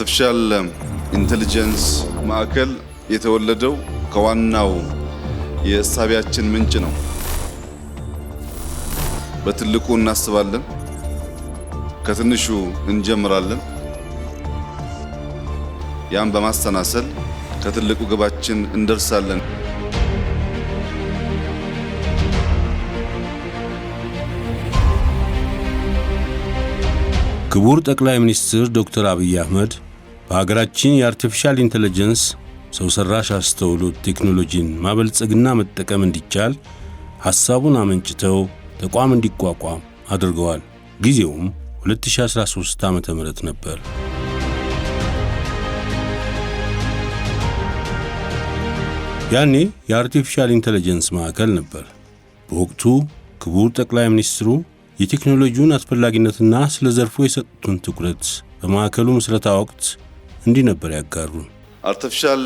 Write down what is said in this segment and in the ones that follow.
አርቲፊሻል ኢንቴሊጀንስ ማዕከል የተወለደው ከዋናው የእሳቢያችን ምንጭ ነው። በትልቁ እናስባለን፣ ከትንሹ እንጀምራለን። ያን በማሰናሰል ከትልቁ ግባችን እንደርሳለን። ክቡር ጠቅላይ ሚኒስትር ዶክተር አብይ አህመድ በሀገራችን የአርቲፊሻል ኢንቴሊጀንስ ሰው ሠራሽ አስተውሎት ቴክኖሎጂን ማበልጸግና መጠቀም እንዲቻል ሐሳቡን አመንጭተው ተቋም እንዲቋቋም አድርገዋል። ጊዜውም 2013 ዓ ም ነበር። ያኔ የአርቲፊሻል ኢንቴሊጀንስ ማዕከል ነበር። በወቅቱ ክቡር ጠቅላይ ሚኒስትሩ የቴክኖሎጂውን አስፈላጊነትና ስለ ዘርፉ የሰጡትን ትኩረት በማዕከሉ ምስረታ ወቅት እንዲህ ነበር ያጋሩ። አርቲፊሻል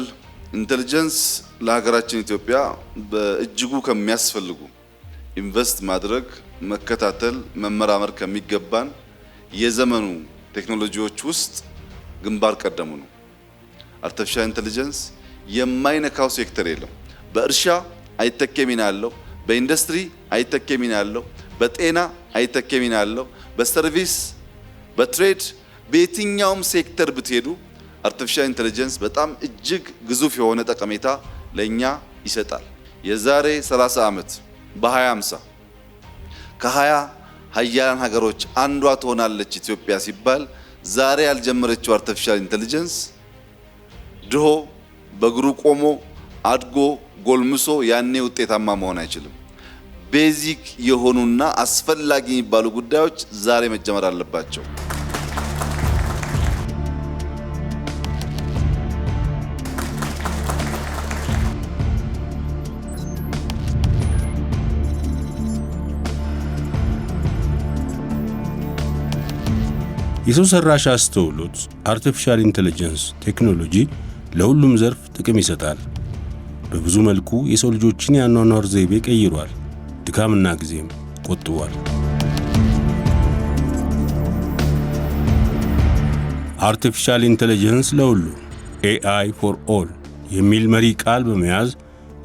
ኢንቴሊጀንስ ለሀገራችን ኢትዮጵያ በእጅጉ ከሚያስፈልጉ ኢንቨስት ማድረግ፣ መከታተል፣ መመራመር ከሚገባን የዘመኑ ቴክኖሎጂዎች ውስጥ ግንባር ቀደሙ ነው። አርቲፊሻል ኢንቴሊጀንስ የማይነካው ሴክተር የለም። በእርሻ አይተኬ ሚና አለው። በኢንዱስትሪ አይተኬ ሚና አለው። በጤና አይተኬ ሚና አለው። በሰርቪስ፣ በትሬድ፣ በየትኛውም ሴክተር ብትሄዱ አርቲፊሻል ኢንተለጀንስ በጣም እጅግ ግዙፍ የሆነ ጠቀሜታ ለእኛ ይሰጣል። የዛሬ 30 ዓመት በ2050 ከ20 ሀያላን ሀገሮች አንዷ ትሆናለች ኢትዮጵያ ሲባል ዛሬ ያልጀመረችው አርቲፊሻል ኢንተለጀንስ ድሆ በእግሩ ቆሞ አድጎ ጎልምሶ ያኔ ውጤታማ መሆን አይችልም። ቤዚክ የሆኑና አስፈላጊ የሚባሉ ጉዳዮች ዛሬ መጀመር አለባቸው። የሰው ሰራሽ አስተውሎት አርቲፊሻል ኢንቴሊጀንስ ቴክኖሎጂ ለሁሉም ዘርፍ ጥቅም ይሰጣል። በብዙ መልኩ የሰው ልጆችን የአኗኗር ዘይቤ ቀይሯል፣ ድካምና ጊዜም ቆጥቧል። አርቲፊሻል ኢንቴሊጀንስ ለሁሉ ኤአይ ፎር ኦል የሚል መሪ ቃል በመያዝ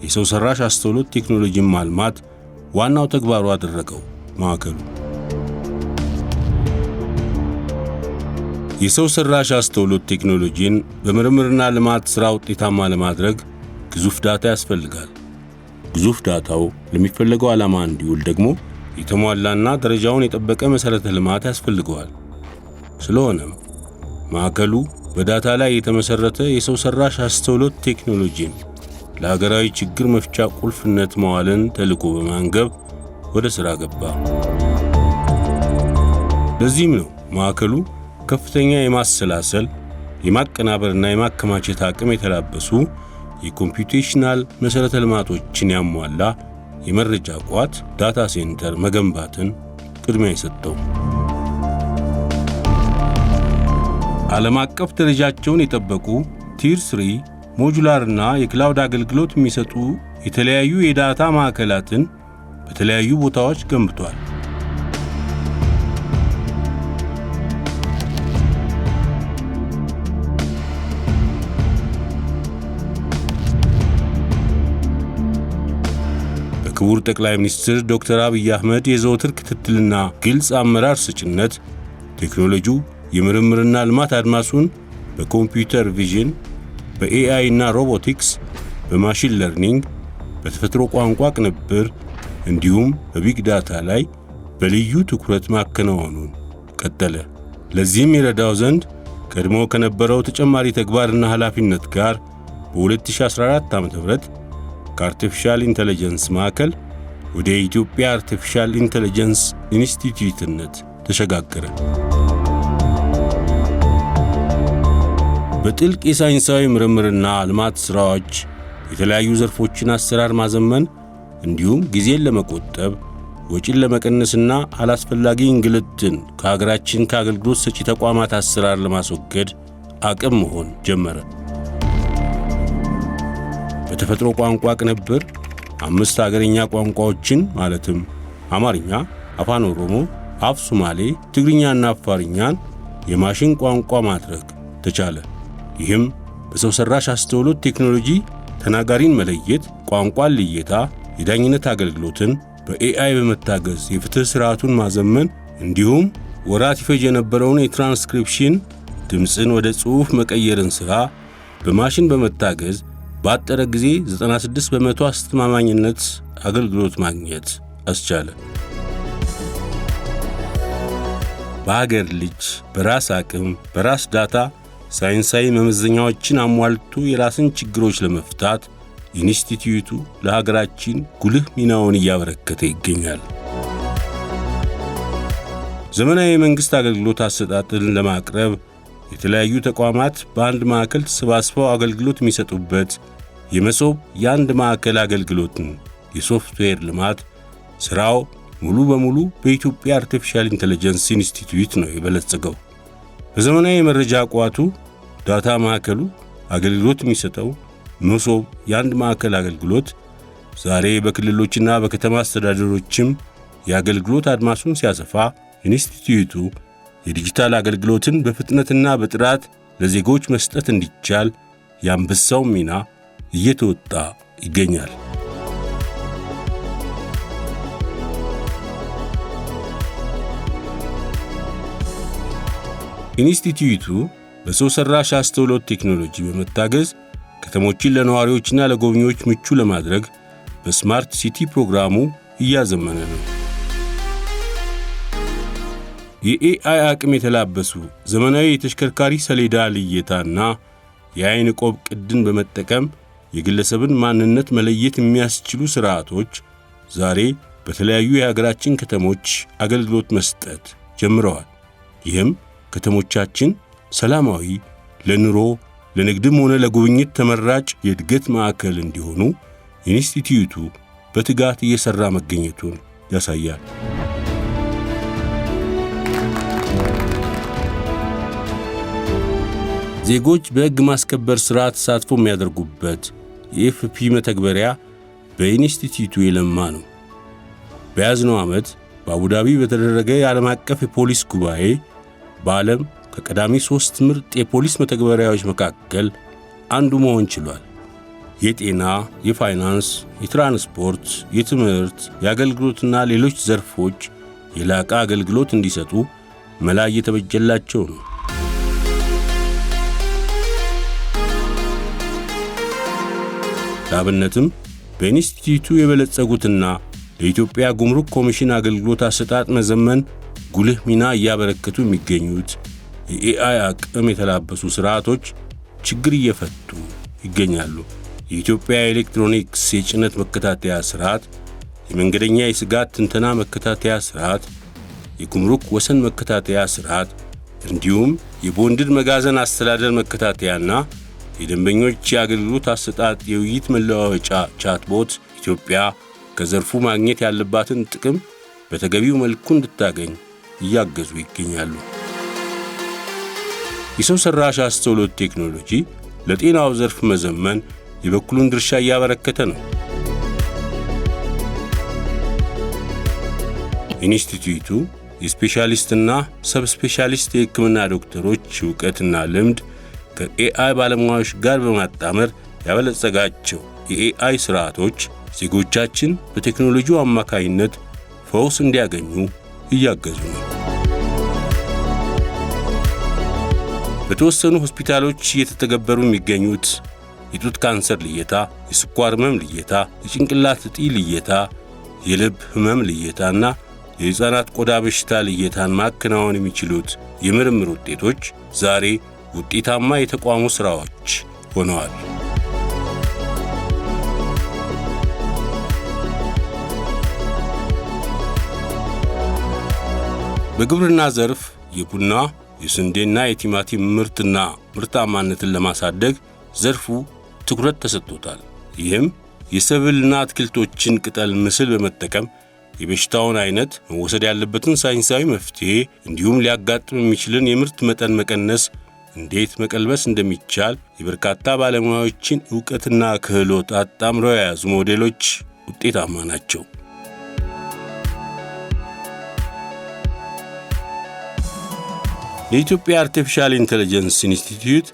የሰው ሰራሽ አስተውሎት ቴክኖሎጂን ማልማት ዋናው ተግባሩ አደረገው ማዕከሉ የሰው ሠራሽ አስተውሎት ቴክኖሎጂን በምርምርና ልማት ሥራ ውጤታማ ለማድረግ ግዙፍ ዳታ ያስፈልጋል። ግዙፍ ዳታው ለሚፈለገው ዓላማ እንዲውል ደግሞ የተሟላና ደረጃውን የጠበቀ መሠረተ ልማት ያስፈልገዋል። ስለሆነም ማዕከሉ በዳታ ላይ የተመሠረተ የሰው ሠራሽ አስተውሎት ቴክኖሎጂን ለሀገራዊ ችግር መፍቻ ቁልፍነት መዋልን ተልዕኮ በማንገብ ወደ ሥራ ገባ። ለዚህም ነው ማዕከሉ ከፍተኛ የማሰላሰል የማቀናበርና የማከማቸት አቅም የተላበሱ የኮምፒውቴሽናል መሠረተ ልማቶችን ያሟላ የመረጃ ቋት ዳታ ሴንተር መገንባትን ቅድሚያ የሰጠው ዓለም አቀፍ ደረጃቸውን የጠበቁ ቲር ስሪ ሞጁላርና የክላውድ አገልግሎት የሚሰጡ የተለያዩ የዳታ ማዕከላትን በተለያዩ ቦታዎች ገንብቷል። ክቡር ጠቅላይ ሚኒስትር ዶክተር አብይ አህመድ የዘወትር ክትትልና ግልጽ አመራር ስጭነት ቴክኖሎጂው የምርምርና ልማት አድማሱን በኮምፒውተር ቪዥን፣ በኤአይ እና ሮቦቲክስ፣ በማሽን ለርኒንግ፣ በተፈጥሮ ቋንቋ ቅንብር እንዲሁም በቢግ ዳታ ላይ በልዩ ትኩረት ማከናወኑን ቀጠለ። ለዚህም የረዳው ዘንድ ቀድሞ ከነበረው ተጨማሪ ተግባርና ኃላፊነት ጋር በ2014 ዓ.ም ከአርቲፊሻል ኢንተለጀንስ ማዕከል ወደ ኢትዮጵያ አርቲፊሻል ኢንተለጀንስ ኢንስቲትዩትነት ተሸጋገረ። በጥልቅ የሳይንሳዊ ምርምርና ልማት ሥራዎች የተለያዩ ዘርፎችን አሰራር ማዘመን እንዲሁም ጊዜን ለመቆጠብ ወጪን ለመቀነስና አላስፈላጊ እንግልትን ከሀገራችን ከአገልግሎት ሰጪ ተቋማት አሰራር ለማስወገድ አቅም መሆን ጀመረ። የተፈጥሮ ቋንቋ ቅንብር አምስት አገርኛ ቋንቋዎችን ማለትም አማርኛ፣ አፋን ኦሮሞ፣ አፍ ሶማሌ ትግርኛና አፋርኛን የማሽን ቋንቋ ማድረግ ተቻለ። ይህም በሰው ሠራሽ አስተውሎት ቴክኖሎጂ ተናጋሪን መለየት፣ ቋንቋን ልየታ፣ የዳኝነት አገልግሎትን በኤአይ በመታገዝ የፍትሕ ሥርዓቱን ማዘመን እንዲሁም ወራት ይፈጅ የነበረውን የትራንስክሪፕሽን ድምፅን ወደ ጽሑፍ መቀየርን ሥራ በማሽን በመታገዝ ባጠረ ጊዜ 96 በመቶ አስተማማኝነት አገልግሎት ማግኘት አስቻለ። በሀገር ልጅ በራስ አቅም በራስ ዳታ ሳይንሳዊ መመዘኛዎችን አሟልቶ የራስን ችግሮች ለመፍታት ኢንስቲትዩቱ ለሀገራችን ጉልህ ሚናውን እያበረከተ ይገኛል። ዘመናዊ የመንግሥት አገልግሎት አሰጣጥን ለማቅረብ የተለያዩ ተቋማት በአንድ ማዕከል ተሰባስበው አገልግሎት የሚሰጡበት የመሶብ የአንድ ማዕከል አገልግሎትን የሶፍትዌር ልማት ሥራው ሙሉ በሙሉ በኢትዮጵያ አርቲፊሻል ኢንቴሊጀንስ ኢንስቲትዩት ነው የበለጸገው። በዘመናዊ የመረጃ ቋቱ ዳታ ማዕከሉ አገልግሎት የሚሰጠው መሶብ የአንድ ማዕከል አገልግሎት ዛሬ በክልሎችና በከተማ አስተዳደሮችም የአገልግሎት አድማሱን ሲያሰፋ ኢንስቲትዩቱ የዲጂታል አገልግሎትን በፍጥነትና በጥራት ለዜጎች መስጠት እንዲቻል የአንበሳው ሚና እየተወጣ ይገኛል። ኢንስቲትዩቱ በሰው ሠራሽ አስተውሎት ቴክኖሎጂ በመታገዝ ከተሞችን ለነዋሪዎችና ለጎብኚዎች ምቹ ለማድረግ በስማርት ሲቲ ፕሮግራሙ እያዘመነ ነው። የኤአይ አቅም የተላበሱ ዘመናዊ የተሽከርካሪ ሰሌዳ ልየታና የአይን ቆብ ቅድን በመጠቀም የግለሰብን ማንነት መለየት የሚያስችሉ ሥርዓቶች ዛሬ በተለያዩ የሀገራችን ከተሞች አገልግሎት መስጠት ጀምረዋል። ይህም ከተሞቻችን ሰላማዊ፣ ለኑሮ ለንግድም ሆነ ለጉብኝት ተመራጭ የእድገት ማዕከል እንዲሆኑ ኢንስቲትዩቱ በትጋት እየሠራ መገኘቱን ያሳያል። ዜጎች በሕግ ማስከበር ሥራ ተሳትፎ የሚያደርጉበት የኤፍፒ መተግበሪያ በኢንስቲትዩቱ የለማ ነው። በያዝነው ዓመት በአቡዳቢ በተደረገ የዓለም አቀፍ የፖሊስ ጉባኤ በዓለም ከቀዳሚ ሦስት ምርጥ የፖሊስ መተግበሪያዎች መካከል አንዱ መሆን ችሏል። የጤና፣ የፋይናንስ፣ የትራንስፖርት፣ የትምህርት፣ የአገልግሎትና ሌሎች ዘርፎች የላቀ አገልግሎት እንዲሰጡ መላ እየተበጀላቸው ነው። ለአብነትም በኢንስቲትዩቱ የበለጸጉትና ለኢትዮጵያ ጉምሩክ ኮሚሽን አገልግሎት አሰጣጥ መዘመን ጉልህ ሚና እያበረከቱ የሚገኙት የኤአይ አቅም የተላበሱ ሥርዓቶች ችግር እየፈቱ ይገኛሉ። የኢትዮጵያ ኤሌክትሮኒክስ የጭነት መከታተያ ሥርዓት፣ የመንገደኛ የስጋት ትንተና መከታተያ ሥርዓት፣ የጉምሩክ ወሰን መከታተያ ሥርዓት እንዲሁም የቦንድድ መጋዘን አስተዳደር መከታተያና የደንበኞች የአገልግሎት አሰጣጥ የውይይት መለዋወጫ ቻትቦት ኢትዮጵያ ከዘርፉ ማግኘት ያለባትን ጥቅም በተገቢው መልኩ እንድታገኝ እያገዙ ይገኛሉ። የሰው ሠራሽ አስተውሎት ቴክኖሎጂ ለጤናው ዘርፍ መዘመን የበኩሉን ድርሻ እያበረከተ ነው። ኢንስቲትዩቱ የስፔሻሊስትና ሰብስፔሻሊስት የሕክምና ዶክተሮች ዕውቀትና ልምድ ከኤአይ ባለሙያዎች ጋር በማጣመር ያበለጸጋቸው የኤአይ ስርዓቶች ዜጎቻችን በቴክኖሎጂው አማካይነት ፈውስ እንዲያገኙ እያገዙ ነው። በተወሰኑ ሆስፒታሎች እየተተገበሩ የሚገኙት የጡት ካንሰር ልየታ፣ የስኳር ህመም ልየታ፣ የጭንቅላት እጢ ልየታ፣ የልብ ህመም ልየታና የሕፃናት ቆዳ በሽታ ልየታን ማከናወን የሚችሉት የምርምር ውጤቶች ዛሬ ውጤታማ የተቋሙ ሥራዎች ሆነዋል። በግብርና ዘርፍ የቡና የስንዴና የቲማቲም ምርትና ምርታማነትን ለማሳደግ ዘርፉ ትኩረት ተሰጥቶታል። ይህም የሰብልና አትክልቶችን ቅጠል ምስል በመጠቀም የበሽታውን አይነት፣ መወሰድ ያለበትን ሳይንሳዊ መፍትሔ እንዲሁም ሊያጋጥም የሚችልን የምርት መጠን መቀነስ እንዴት መቀልበስ እንደሚቻል የበርካታ ባለሙያዎችን እውቀትና ክህሎት አጣምረው የያዙ ሞዴሎች ውጤታማ ናቸው። የኢትዮጵያ አርቲፊሻል ኢንቴሊጀንስ ኢንስቲትዩት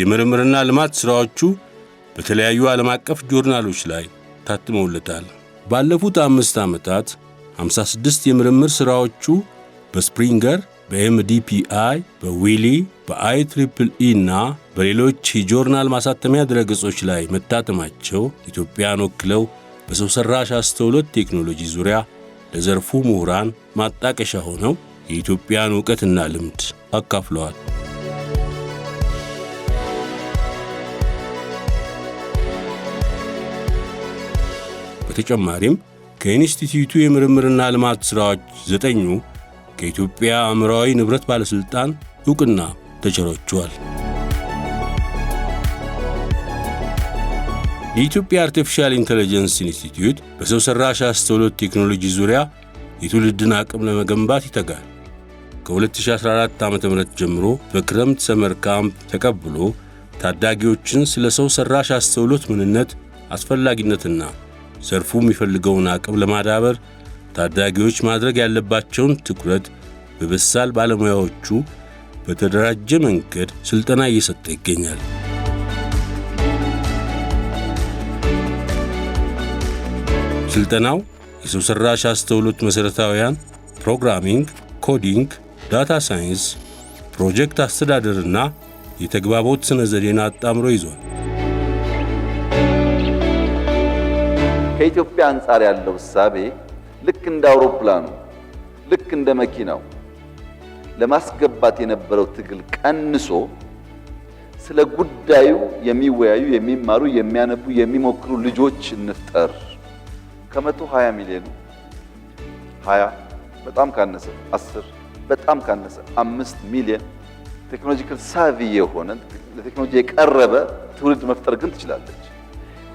የምርምርና ልማት ሥራዎቹ በተለያዩ ዓለም አቀፍ ጆርናሎች ላይ ታትመውለታል። ባለፉት አምስት ዓመታት 56 የምርምር ሥራዎቹ በስፕሪንገር በኤምዲፒአይ፣ በዊሊ፣ በአይ ትሪፕል ኢ እና በሌሎች የጆርናል ማሳተሚያ ድረገጾች ላይ መታተማቸው ኢትዮጵያን ወክለው በሰው ሠራሽ አስተውሎት ቴክኖሎጂ ዙሪያ ለዘርፉ ምሁራን ማጣቀሻ ሆነው የኢትዮጵያን እውቀትና ልምድ አካፍለዋል። በተጨማሪም ከኢንስቲትዩቱ የምርምርና ልማት ሥራዎች ዘጠኙ ከኢትዮጵያ አእምሯዊ ንብረት ባለሥልጣን ዕውቅና ተቸሮችዋል። የኢትዮጵያ አርቲፊሻል ኢንቴሊጀንስ ኢንስቲትዩት በሰው ሠራሽ አስተውሎት ቴክኖሎጂ ዙሪያ የትውልድን አቅም ለመገንባት ይተጋል። ከ2014 ዓ ም ጀምሮ በክረምት ሰመር ካምፕ ተቀብሎ ታዳጊዎችን ስለ ሰው ሠራሽ አስተውሎት ምንነት አስፈላጊነትና ዘርፉ የሚፈልገውን አቅም ለማዳበር ታዳጊዎች ማድረግ ያለባቸውን ትኩረት በበሳል ባለሙያዎቹ በተደራጀ መንገድ ሥልጠና እየሰጠ ይገኛል። ሥልጠናው የሰው ሠራሽ አስተውሎት መሠረታውያን፣ ፕሮግራሚንግ፣ ኮዲንግ፣ ዳታ ሳይንስ፣ ፕሮጀክት አስተዳደርና የተግባቦት ሥነ ዘዴን አጣምሮ ይዟል። ከኢትዮጵያ አንጻር ያለው እሳቤ ልክ እንደ አውሮፕላኑ ልክ እንደ መኪናው ለማስገባት የነበረው ትግል ቀንሶ ስለ ጉዳዩ የሚወያዩ የሚማሩ፣ የሚያነቡ፣ የሚሞክሩ ልጆች እንፍጠር። ከመቶ 20 ሚሊዮን 20 በጣም ካነሰ 10 በጣም ካነሰ 5 ሚሊዮን ቴክኖሎጂካል ሳቪ የሆነ ለቴክኖሎጂ የቀረበ ትውልድ መፍጠር ግን ትችላለች።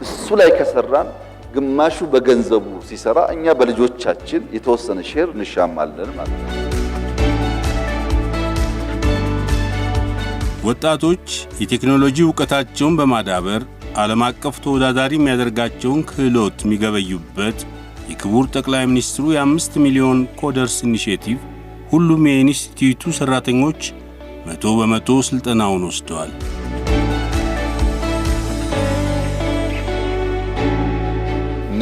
እሱ ላይ ከሰራን ግማሹ በገንዘቡ ሲሰራ፣ እኛ በልጆቻችን የተወሰነ ሼር እንሻማለን ማለት ነው። ወጣቶች የቴክኖሎጂ እውቀታቸውን በማዳበር ዓለም አቀፍ ተወዳዳሪ የሚያደርጋቸውን ክህሎት የሚገበዩበት የክቡር ጠቅላይ ሚኒስትሩ የአምስት ሚሊዮን ኮደርስ ኢኒሽቲቭ ሁሉም የኢንስቲትዩቱ ሠራተኞች መቶ በመቶ ሥልጠናውን ወስደዋል።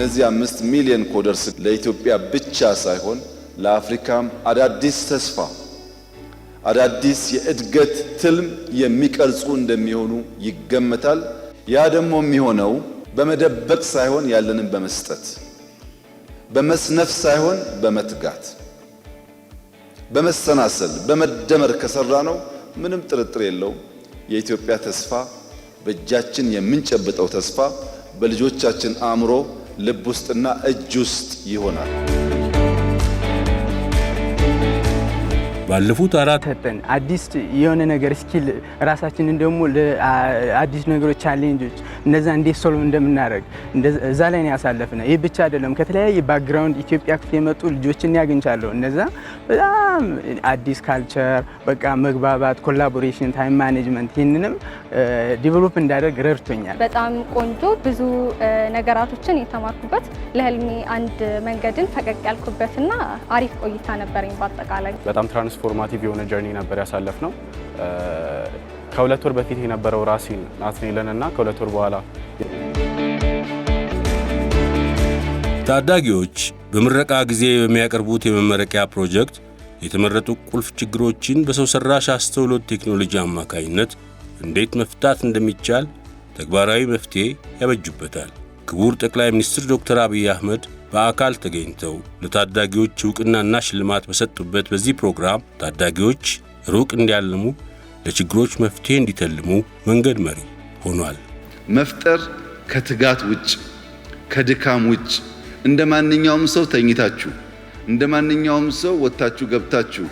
እነዚህ አምስት ሚሊዮን ኮደርስ ለኢትዮጵያ ብቻ ሳይሆን ለአፍሪካም አዳዲስ ተስፋ አዳዲስ የእድገት ትልም የሚቀርጹ እንደሚሆኑ ይገመታል። ያ ደግሞ የሚሆነው በመደበቅ ሳይሆን ያለንን በመስጠት በመስነፍ ሳይሆን በመትጋት በመሰናሰል በመደመር ከሰራ ነው ምንም ጥርጥር የለውም። የኢትዮጵያ ተስፋ በእጃችን የምንጨብጠው ተስፋ በልጆቻችን አእምሮ ልብ ውስጥና እጅ ውስጥ ይሆናል። ባለፉት አራት ተጠን አዲስ የሆነ ነገር ስኪል ራሳችንን ደግሞ አዲስ ነገሮች ቻሌንጆች እነዛ እንዴት ሶልቭ እንደምናደርግ እዛ ላይ ነው ያሳለፍነ። ይህ ብቻ አይደለም፣ ከተለያየ ባክግራውንድ ኢትዮጵያ ክፍል የመጡ ልጆችን ያግኝቻለሁ። እነዛ በጣም አዲስ ካልቸር፣ በቃ መግባባት፣ ኮላቦሬሽን፣ ታይም ማኔጅመንት ይህንንም ዲቨሎፕ እንዳደርግ ረድቶኛል። በጣም ቆንጆ ብዙ ነገራቶችን የተማርኩበት ለህልሜ አንድ መንገድን ፈቀቅ ያልኩበትና አሪፍ ቆይታ ነበረኝ። በአጠቃላይ በጣም ትራንስፎርማቲቭ የሆነ ጀርኒ ነበር ያሳለፍ ነው። ከሁለት ወር በፊት የነበረው ራሲን ናትኔልን እና ከሁለት ወር በኋላ ታዳጊዎች በምረቃ ጊዜ በሚያቀርቡት የመመረቂያ ፕሮጀክት የተመረጡ ቁልፍ ችግሮችን በሰው ሠራሽ አስተውሎት ቴክኖሎጂ አማካኝነት እንዴት መፍታት እንደሚቻል ተግባራዊ መፍትሄ ያበጁበታል። ክቡር ጠቅላይ ሚኒስትር ዶክተር አብይ አህመድ በአካል ተገኝተው ለታዳጊዎች ዕውቅናና ሽልማት በሰጡበት በዚህ ፕሮግራም ታዳጊዎች ሩቅ እንዲያልሙ ለችግሮች መፍትሄ እንዲተልሙ መንገድ መሪ ሆኗል። መፍጠር ከትጋት ውጭ ከድካም ውጭ እንደ ማንኛውም ሰው ተኝታችሁ እንደ ማንኛውም ሰው ወጥታችሁ ገብታችሁ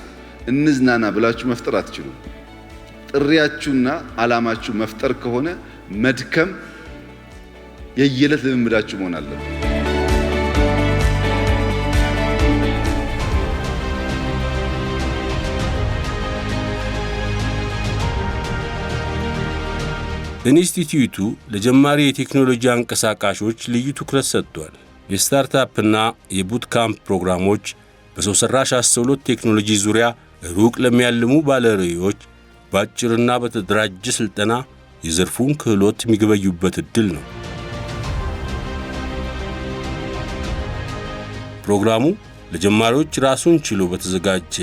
እንዝናና ብላችሁ መፍጠር አትችሉም። ጥሪያችሁና ዓላማችሁ መፍጠር ከሆነ መድከም የየዕለት ልምምዳችሁ መሆን አለበት። ኢንስቲትዩቱ ለጀማሪ የቴክኖሎጂ አንቀሳቃሾች ልዩ ትኩረት ሰጥቷል። የስታርታፕና የቡትካምፕ ፕሮግራሞች በሰው ሠራሽ አስተውሎት ቴክኖሎጂ ዙሪያ ሩቅ ለሚያልሙ ባለራዕዮች በአጭርና በተደራጀ ሥልጠና የዘርፉን ክህሎት የሚገበዩበት ዕድል ነው። ፕሮግራሙ ለጀማሪዎች ራሱን ችሎ በተዘጋጀ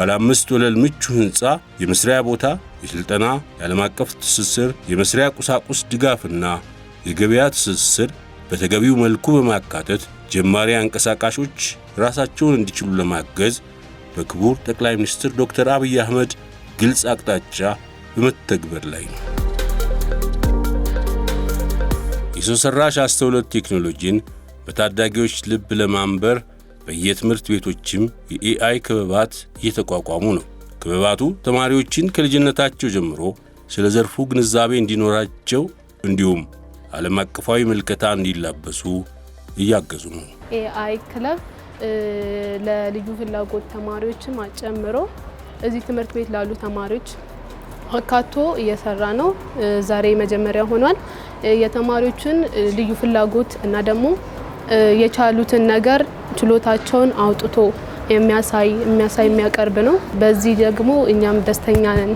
ባለ አምስት ወለል ምቹ ህንፃ የመስሪያ ቦታ፣ የሥልጠና፣ የዓለም አቀፍ ትስስር፣ የመስሪያ ቁሳቁስ ድጋፍና የገበያ ትስስር በተገቢው መልኩ በማካተት ጀማሪ አንቀሳቃሾች ራሳቸውን እንዲችሉ ለማገዝ በክቡር ጠቅላይ ሚኒስትር ዶክተር አብይ አህመድ ግልጽ አቅጣጫ በመተግበር ላይ ነው። የሰው ሠራሽ አስተውሎት ቴክኖሎጂን በታዳጊዎች ልብ ለማንበር በየትምህርት ቤቶችም የኤአይ ክበባት እየተቋቋሙ ነው። ክበባቱ ተማሪዎችን ከልጅነታቸው ጀምሮ ስለ ዘርፉ ግንዛቤ እንዲኖራቸው እንዲሁም ዓለም አቀፋዊ ምልከታ እንዲላበሱ እያገዙ ነው። ኤአይ ክለብ ለልዩ ፍላጎት ተማሪዎችም ጨምሮ እዚህ ትምህርት ቤት ላሉ ተማሪዎች አካቶ እየሰራ ነው። ዛሬ መጀመሪያ ሆኗል። የተማሪዎችን ልዩ ፍላጎት እና ደግሞ የቻሉትን ነገር ችሎታቸውን አውጥቶ የሚያሳይ የሚያሳይ የሚያቀርብ ነው። በዚህ ደግሞ እኛም ደስተኛ ነን።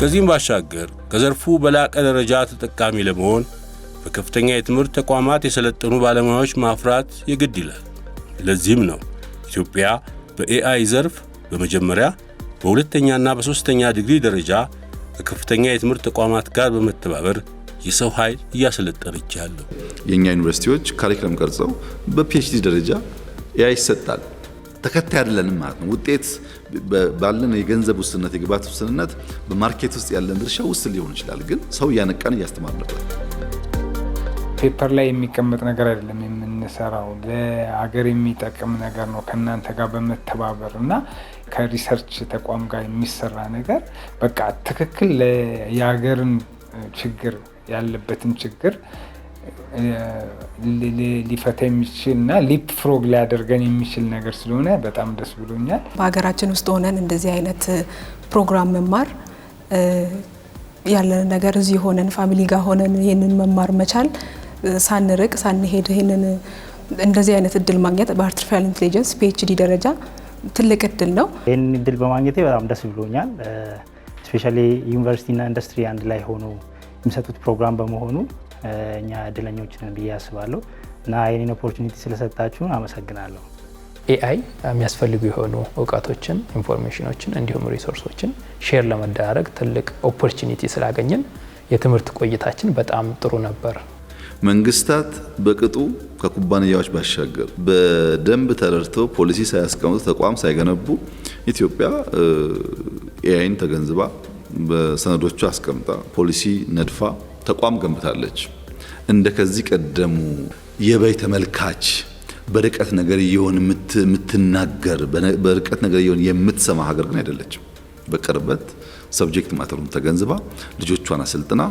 ከዚህም ባሻገር ከዘርፉ በላቀ ደረጃ ተጠቃሚ ለመሆን በከፍተኛ የትምህርት ተቋማት የሰለጠኑ ባለሙያዎች ማፍራት የግድ ይላል። ለዚህም ነው ኢትዮጵያ በኤአይ ዘርፍ በመጀመሪያ በሁለተኛና በሦስተኛ ዲግሪ ደረጃ ከከፍተኛ የትምህርት ተቋማት ጋር በመተባበር የሰው ኃይል እያሰለጠነች ያለው የእኛ ዩኒቨርሲቲዎች ካሪክለም ቀርጸው በፒኤችዲ ደረጃ ያ ይሰጣል። ተከታይ አይደለንም ማለት ነው። ውጤት ባለን የገንዘብ ውስንነት፣ የግብዓት ውስንነት በማርኬት ውስጥ ያለን ድርሻ ውስን ሊሆን ይችላል። ግን ሰው እያነቃን እያስተማርንበት ፔፐር ላይ የሚቀመጥ ነገር አይደለም የምንሰራው ለሀገር የሚጠቅም ነገር ነው። ከእናንተ ጋር በመተባበር እና ከሪሰርች ተቋም ጋር የሚሰራ ነገር በቃ ትክክል የሀገርን ችግር ያለበትን ችግር ሊፈታ የሚችል እና ሊፕ ፍሮግ ሊያደርገን የሚችል ነገር ስለሆነ በጣም ደስ ብሎኛል። በሀገራችን ውስጥ ሆነን እንደዚህ አይነት ፕሮግራም መማር ያለን ነገር እዚህ ሆነን ፋሚሊ ጋር ሆነን ይህንን መማር መቻል ሳንርቅ ሳንሄድ ይህንን እንደዚህ አይነት እድል ማግኘት በአርቲፊሻል ኢንቴሊጀንስ ፒኤችዲ ደረጃ ትልቅ እድል ነው። ይህን እድል በማግኘቴ በጣም ደስ ብሎኛል። ስፔሻሊ ዩኒቨርሲቲና ኢንዱስትሪ አንድ ላይ ሆኖ የሚሰጡት ፕሮግራም በመሆኑ እኛ እድለኞች ነን ብዬ አስባለሁ እና ይህንን ኦፖርቹኒቲ ስለሰጣችሁን አመሰግናለሁ። ኤአይ የሚያስፈልጉ የሆኑ እውቀቶችን፣ ኢንፎርሜሽኖችን እንዲሁም ሪሶርሶችን ሼር ለመደራረግ ትልቅ ኦፖርቹኒቲ ስላገኘን የትምህርት ቆይታችን በጣም ጥሩ ነበር። መንግስታት በቅጡ ከኩባንያዎች ባሻገር በደንብ ተረድተው ፖሊሲ ሳያስቀምጡ ተቋም ሳይገነቡ ኢትዮጵያ ኤአይን ተገንዝባ በሰነዶቿ አስቀምጣ ፖሊሲ ነድፋ ተቋም ገንብታለች። እንደ ከዚህ ቀደሙ የበይ ተመልካች በርቀት ነገር እየሆን የምትናገር በርቀት ነገር እየሆን የምትሰማ ሀገር ግን አይደለችም። በቅርበት ሰብጀክት ማተሩን ተገንዝባ ልጆቿን አሰልጥና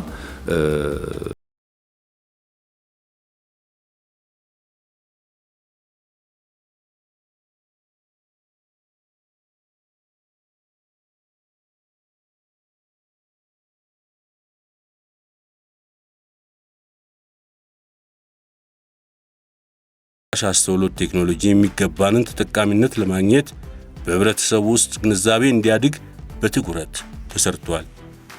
አስተውሎት ቴክኖሎጂ የሚገባንን ተጠቃሚነት ለማግኘት በህብረተሰቡ ውስጥ ግንዛቤ እንዲያድግ በትኩረት ተሰርቷል።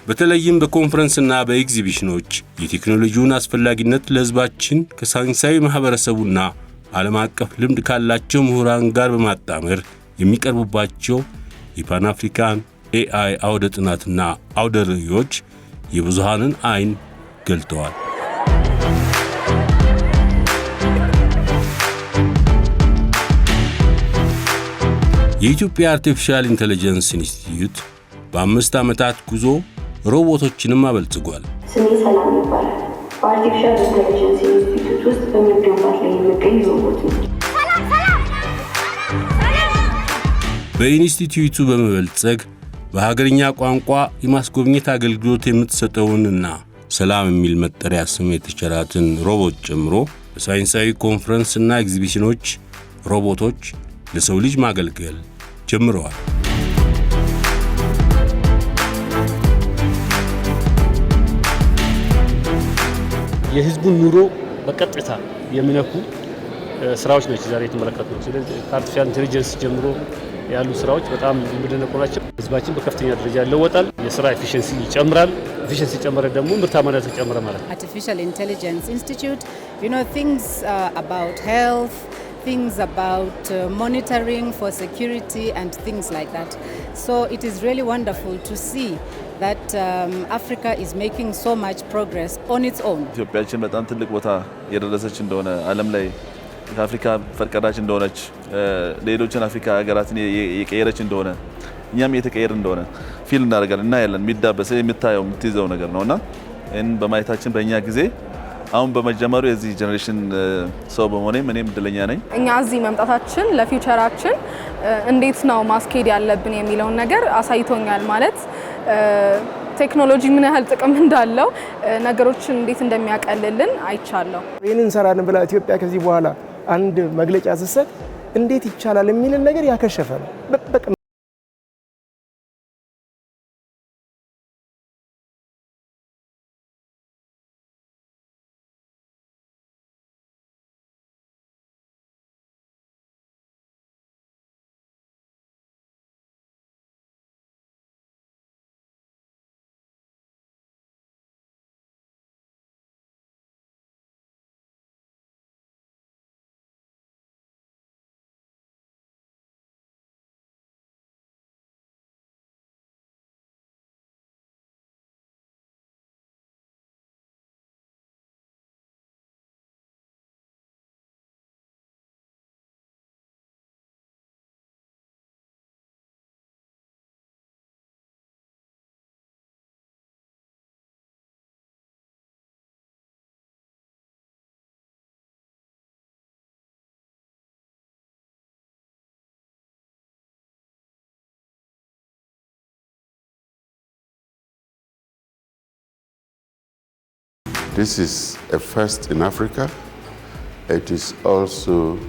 በተለይም በኮንፈረንስና በኤግዚቢሽኖች የቴክኖሎጂውን አስፈላጊነት ለሕዝባችን ከሳይንሳዊ ማኅበረሰቡና ዓለም አቀፍ ልምድ ካላቸው ምሁራን ጋር በማጣመር የሚቀርቡባቸው የፓን አፍሪካን ኤአይ አውደ ጥናትና አውደ ርዕዮች የብዙሃንን ዐይን ገልጠዋል። የኢትዮጵያ አርቲፊሻል ኢንቴሊጀንስ ኢንስቲትዩት በአምስት ዓመታት ጉዞ ሮቦቶችንም አበልጽጓል። ስሜ ሰላም ይባላል። በአርቲፊሻል ኢንቴሊጀንስ ኢንስቲትዩት ውስጥ በመገንባት ላይ የሚገኝ ሮቦት ነው። በኢንስቲትዩቱ በመበልጸግ በሀገርኛ ቋንቋ የማስጎብኘት አገልግሎት የምትሰጠውንና ሰላም የሚል መጠሪያ ስም የተቸራትን ሮቦት ጨምሮ በሳይንሳዊ ኮንፈረንስና ኤግዚቢሽኖች ሮቦቶች ለሰው ልጅ ማገልገል ጀምረዋል። የህዝቡን ኑሮ በቀጥታ የሚነኩ ስራዎች ናቸው ዛሬ የተመለከት ነው። ስለዚህ ከአርቲፊሻል ኢንቴሊጀንስ ጀምሮ ያሉ ስራዎች በጣም የሚደነቁ ናቸው። ህዝባችን በከፍተኛ ደረጃ ይለወጣል። የስራ ኤፊሽንሲ ይጨምራል። ኤፊሽንሲ ጨመረ ደግሞ ምርታማነት ጨመረ ማለት ነው። አርቲፊሻል ኢንቴሊጀንስ ኢንስቲትዩት ዩ ኖ ቲንግስ አባውት things about uh, monitoring for security and things like that. So it is really wonderful to see that um, Africa is making so much progress on its own. ኢትዮጵያችን በጣም ትልቅ ቦታ የደረሰች እንደሆነ ዓለም ላይ ከአፍሪካ ፈርቀዳች እንደሆነች ሌሎችን አፍሪካ ሀገራትን የቀየረች እንደሆነ እኛም እየተቀየር እንደሆነ ፊል እናደርጋለን እና ያለን የሚዳበሰ የምታየው የምትይዘው ነገር ነው እና ይህን በማየታችን በእኛ ጊዜ አሁን በመጀመሩ የዚህ ጀኔሬሽን ሰው በመሆኔም እኔም እድለኛ ነኝ። እኛ እዚህ መምጣታችን ለፊውቸራችን እንዴት ነው ማስኬድ ያለብን የሚለውን ነገር አሳይቶኛል። ማለት ቴክኖሎጂ ምን ያህል ጥቅም እንዳለው ነገሮችን እንዴት እንደሚያቀልልን አይቻለሁ። ይህን እንሰራለን ብላ ኢትዮጵያ ከዚህ በኋላ አንድ መግለጫ ስትሰጥ እንዴት ይቻላል የሚልን ነገር ያከሸፈ ነው። This is a first in Africa. It is also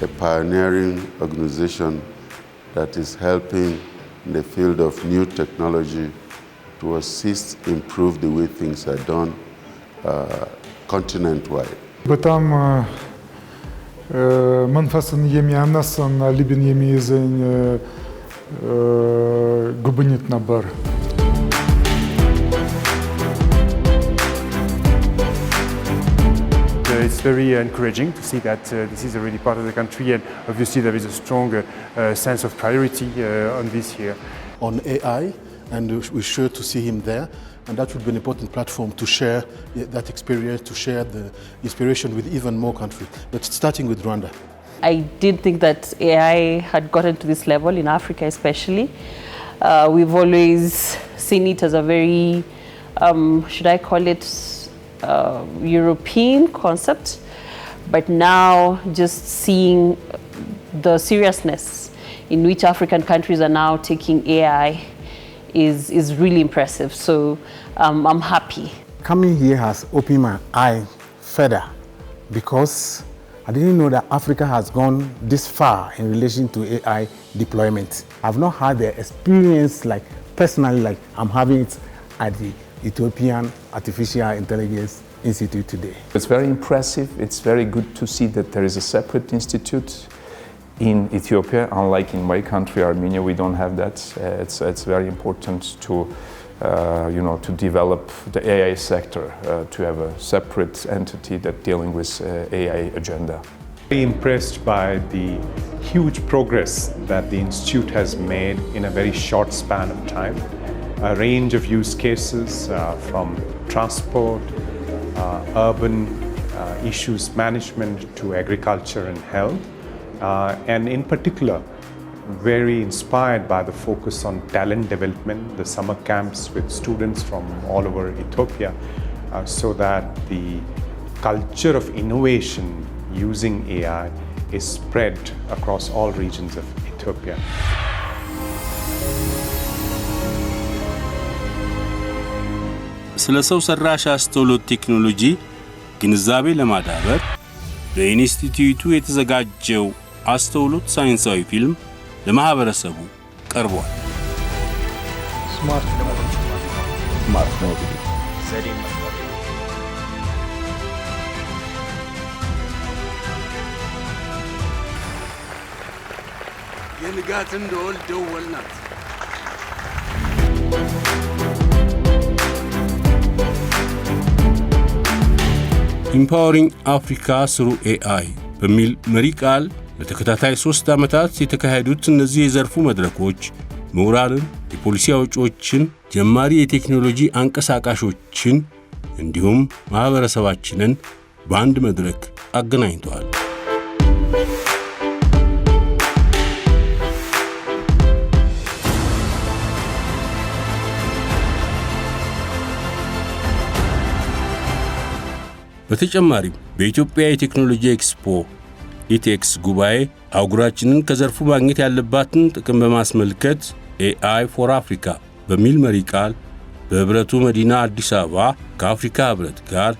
a pioneering organization that is helping in the field of new technology to assist improve the way things are done uh, continent-wide. Betam mën fasën jemi anësën, libin jemi izën gëbënit në bërë. very uh, encouraging to see that uh, this is already part of the country and obviously there is a strong uh, sense of priority on this here. On AI, and we're sure to see him there. And that would be an important platform to share that experience, to share the inspiration with even more countries, but starting with Rwanda. I did think that AI had gotten to this level in Africa, especially. Uh, we've always seen it as a very, um, should I call it, uh, European concept, but now just seeing the seriousness in which African countries are now taking AI is, is really impressive. So um, I'm happy. Coming here has opened my eye further because I didn't know that Africa has gone this far in relation to AI deployment. I've not had the experience like personally like I'm having it at the Ethiopian Artificial Intelligence Institute today. It's very impressive. It's very good to see that there is a separate institute in Ethiopia, unlike in my country, Armenia, we don't have that. Uh, it's, it's very important to, uh, you know, to develop the AI sector, uh, to have a separate entity that dealing with uh, AI agenda. Very impressed by the huge progress that the Institute has made in a very short span of time a range of use cases uh, from transport, uh, urban uh, issues management to agriculture and health, uh, and in particular, very inspired by the focus on talent development, the summer camps with students from all over Ethiopia, uh, so that the culture of innovation using AI is spread across all regions of Ethiopia. ስለ ሰው ሰራሽ አስተውሎት ቴክኖሎጂ ግንዛቤ ለማዳበር በኢንስቲትዩቱ የተዘጋጀው አስተውሎት ሳይንሳዊ ፊልም ለማህበረሰቡ ቀርቧል። የንጋትን ደወል ደወልናት። ኢምፓወሪንግ አፍሪካ ስሩ ኤአይ በሚል መሪ ቃል ለተከታታይ ሦስት ዓመታት የተካሄዱት እነዚህ የዘርፉ መድረኮች ምሁራንን፣ የፖሊሲ አውጪዎችን፣ ጀማሪ የቴክኖሎጂ አንቀሳቃሾችን እንዲሁም ማኅበረሰባችንን በአንድ መድረክ አገናኝተዋል። በተጨማሪም በኢትዮጵያ የቴክኖሎጂ ኤክስፖ ኢቴክስ ጉባኤ አህጉራችንን ከዘርፉ ማግኘት ያለባትን ጥቅም በማስመልከት ኤአይ ፎር አፍሪካ በሚል መሪ ቃል በህብረቱ መዲና አዲስ አበባ ከአፍሪካ ህብረት ጋር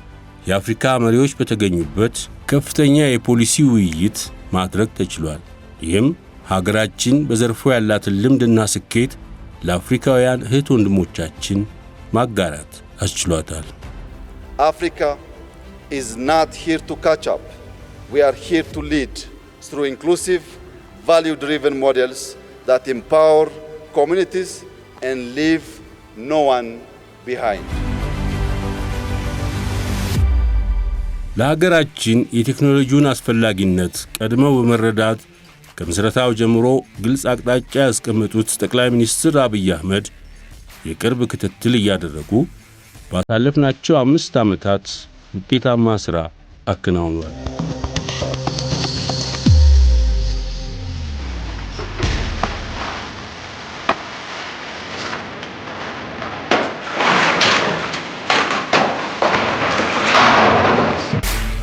የአፍሪካ መሪዎች በተገኙበት ከፍተኛ የፖሊሲ ውይይት ማድረግ ተችሏል። ይህም ሀገራችን በዘርፉ ያላትን ልምድና ስኬት ለአፍሪካውያን እህት ወንድሞቻችን ማጋራት አስችሏታል። አፍሪካ is not here to catch up. We are here to lead through inclusive, value-driven models that empower communities and leave no one behind. ለሀገራችን የቴክኖሎጂውን አስፈላጊነት ቀድመው በመረዳት ከምስረታው ጀምሮ ግልጽ አቅጣጫ ያስቀመጡት ጠቅላይ ሚኒስትር አብይ አህመድ የቅርብ ክትትል እያደረጉ ባሳለፍናቸው አምስት ዓመታት ውጤታማ ስራ አከናውኗል።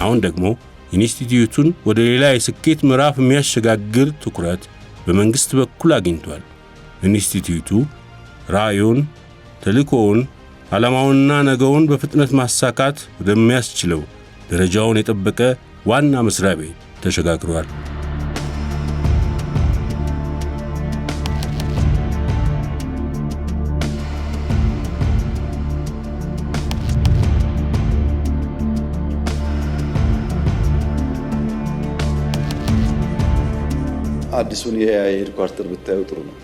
አሁን ደግሞ ኢንስቲትዩቱን ወደ ሌላ የስኬት ምዕራፍ የሚያሸጋግር ትኩረት በመንግሥት በኩል አግኝቷል። ኢንስቲትዩቱ ራዕዩን፣ ተልእኮውን ዓላማውንና ነገውን በፍጥነት ማሳካት ወደሚያስችለው ደረጃውን የጠበቀ ዋና መስሪያ ቤት ተሸጋግሯል። አዲሱን የኤአይ ሄድኳርተር ብታዩ ጥሩ ነው።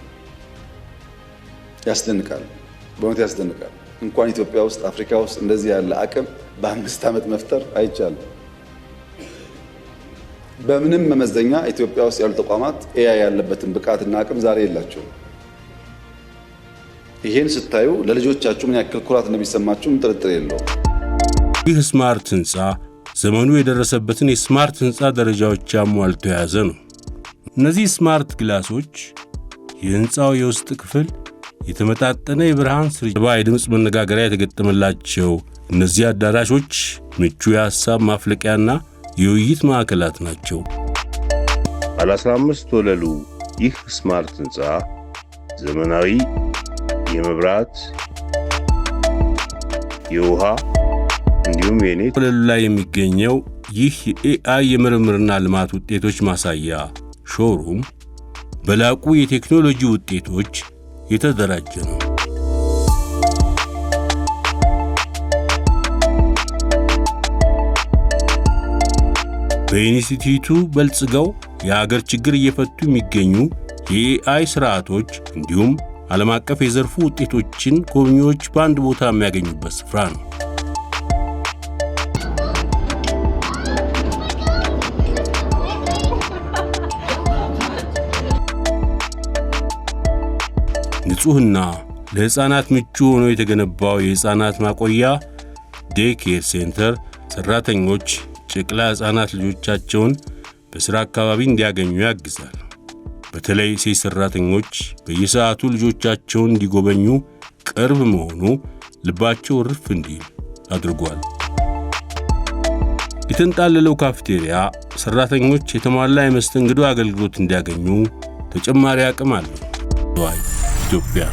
ያስደንቃል፣ በእውነት ያስደንቃል። እንኳን ኢትዮጵያ ውስጥ አፍሪካ ውስጥ እንደዚህ ያለ አቅም በአምስት ዓመት መፍጠር አይቻልም። በምንም መመዘኛ ኢትዮጵያ ውስጥ ያሉ ተቋማት ኤአይ ያለበትን ብቃትና አቅም ዛሬ የላቸውም። ይህን ስታዩ ለልጆቻችሁ ምን ያክል ኩራት እንደሚሰማችሁም ጥርጥር የለው። ይህ ስማርት ህንፃ ዘመኑ የደረሰበትን የስማርት ህንፃ ደረጃዎች አሟልቶ የያዘ ነው። እነዚህ ስማርት ግላሶች የህንፃው የውስጥ ክፍል የተመጣጠነ የብርሃን ስርጭት፣ የድምፅ መነጋገሪያ የተገጠመላቸው እነዚህ አዳራሾች ምቹ የሐሳብ ማፍለቂያና የውይይት ማዕከላት ናቸው። ባለ 15 ወለሉ ይህ ስማርት ህንፃ ዘመናዊ የመብራት የውሃ እንዲሁም የኔት ወለሉ ላይ የሚገኘው ይህ የኤአይ የምርምርና ልማት ውጤቶች ማሳያ ሾሩም በላቁ የቴክኖሎጂ ውጤቶች የተደራጀ ነው። በኢንስቲትዩቱ በልጽገው የአገር ችግር እየፈቱ የሚገኙ የኤአይ ስርዓቶች እንዲሁም ዓለም አቀፍ የዘርፉ ውጤቶችን ጎብኚዎች በአንድ ቦታ የሚያገኙበት ስፍራ ነው። ንጹህና ለሕፃናት ምቹ ሆኖ የተገነባው የሕፃናት ማቆያ ዴኬር ሴንተር ሠራተኞች ጨቅላ ሕፃናት ልጆቻቸውን በሥራ አካባቢ እንዲያገኙ ያግዛል። በተለይ ሴት ሠራተኞች በየሰዓቱ ልጆቻቸውን እንዲጎበኙ ቅርብ መሆኑ ልባቸው ርፍ እንዲል አድርጓል። የተንጣለለው ካፍቴሪያ ሠራተኞች የተሟላ የመስተንግዶ አገልግሎት እንዲያገኙ ተጨማሪ አቅም አለው። Stupid.